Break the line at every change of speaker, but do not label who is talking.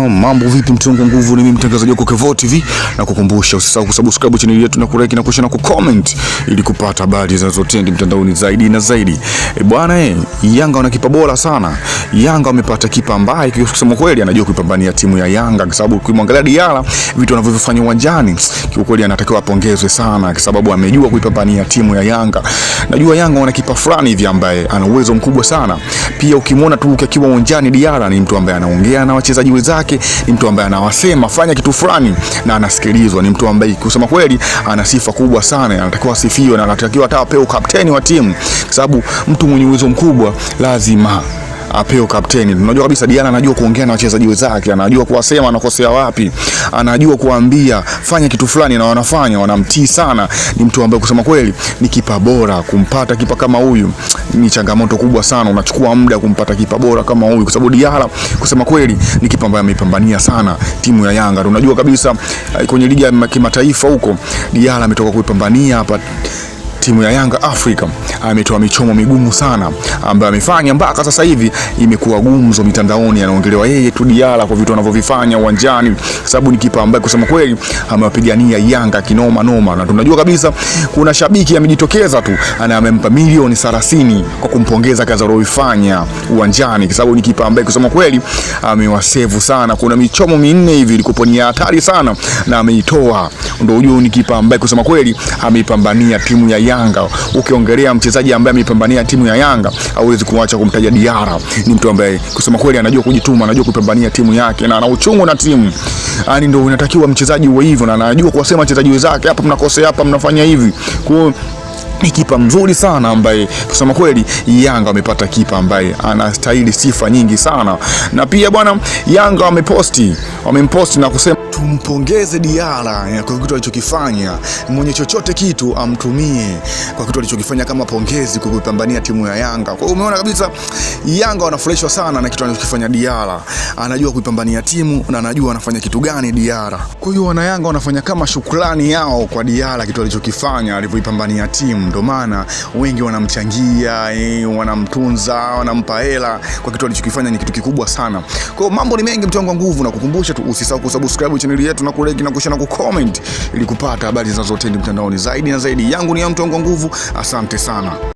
Na mambo vipi, mtongo nguvu, ni mimi mtangazaji wako Kevoo TV, na kukumbusha usisahau kusubscribe channel yetu na kulike na kushare na kucomment ili kupata habari zinazotendi mtandaoni zaidi na zaidi. E bwana eh, Yanga wana kipa bora sana. Yanga wamepata kipa ambaye kusema kweli anajua kuipambania timu ya Yanga, kwa sababu ukimwangalia Diala vitu anavyofanya uwanjani, kwa kweli anatakiwa apongezwe sana, kwa sababu amejua kuipambania timu ya Yanga. Najua Yanga wana kipa fulani hivi ambaye ana uwezo mkubwa sana. Pia ukimwona tu ukiwa uwanjani, Diala ni mtu ambaye anaongea na wachezaji wenzake zake, ni mtu ambaye anawasema fanya kitu fulani na anasikilizwa. Ni mtu ambaye kusema kweli ana sifa kubwa sana, anatakiwa asifiwe na anatakiwa hata apewe ukapteni wa timu, sababu mtu mwenye uwezo mkubwa lazima apewe kapteni. Tunajua kabisa Diana anajua kuongea na wachezaji wenzake, anajua kuwasema anakosea wapi, anajua kuambia fanya kitu fulani na wanafanya, wanamtii sana. Ni mtu ambaye kusema kweli ni kipa bora. Kumpata kipa kama huyu ni changamoto kubwa sana, unachukua muda kumpata kipa bora kama huyu, kwa sababu Diara kusema kweli ni kipa ambaye ameipambania sana timu ya Yanga. Tunajua kabisa eh, kwenye ligi ya kimataifa huko Diara ametoka kuipambania hapa timu ya Yanga Africa ametoa michomo migumu sana ambayo amefanya mpaka sasa hivi imekuwa gumzo mitandaoni, anaongelewa yeye tu Diala kwa vitu anavyovifanya uwanjani, sababu ni kipa ambaye kusema kweli amewapigania Yanga kinoma noma, na tunajua kabisa kuna shabiki amejitokeza tu ana amempa milioni 30 kwa kumpongeza kazi aliyoifanya uwanjani, sababu ni kipa ambaye kusema kweli amewasevu sana. Kuna michomo minne hivi ilikuwa ni hatari sana na ameitoa, ndio huyo ni kipa ambaye kusema kweli ameipambania timu ya Yanga. Yanga. Ukiongelea mchezaji ambaye amepambania timu ya Yanga, hauwezi kuacha kumtaja Diara. Ni mtu ambaye kusema kweli anajua kujituma, anajua kupambania timu yake na ana uchungu na timu. Yaani ndio unatakiwa mchezaji uwe hivyo na anajua kuwasema wachezaji wenzake, hapa mnakosea, hapa mnafanya hivi. Kwa hiyo ni kipa mzuri sana ambaye kusema kweli Yanga wamepata kipa ambaye anastahili sifa nyingi sana, na pia bwana Yanga wameposti wamemposti na kusema
tumpongeze Diara kwa kitu alichokifanya, mwenye chochote kitu amtumie kwa kitu alichokifanya kama pongezi kwa kupambania timu ya Yanga. Kwa hiyo umeona kabisa Yanga wanafurahishwa sana na kitu anachokifanya Diara anajua kuipambania timu na anajua anafanya kitu gani Diara. Kwa hiyo wanayanga wanafanya kama shukrani yao kwa Diara kitu alichokifanya alivyoipambania timu, ndio maana wengi wanamchangia eh, wanamtunza, wanampa hela kwa kitu alichokifanya ni kitu kikubwa sana. Kwa hiyo mambo ni mengi, mtu wangu wa nguvu, na kukumbusha tu usisahau kusubscribe channel yetu na kulike na kushare na kucomment ili kupata habari zinazotendi mtandaoni zaidi na zaidi. Yangu ni ya mtu wangu wa nguvu, asante sana.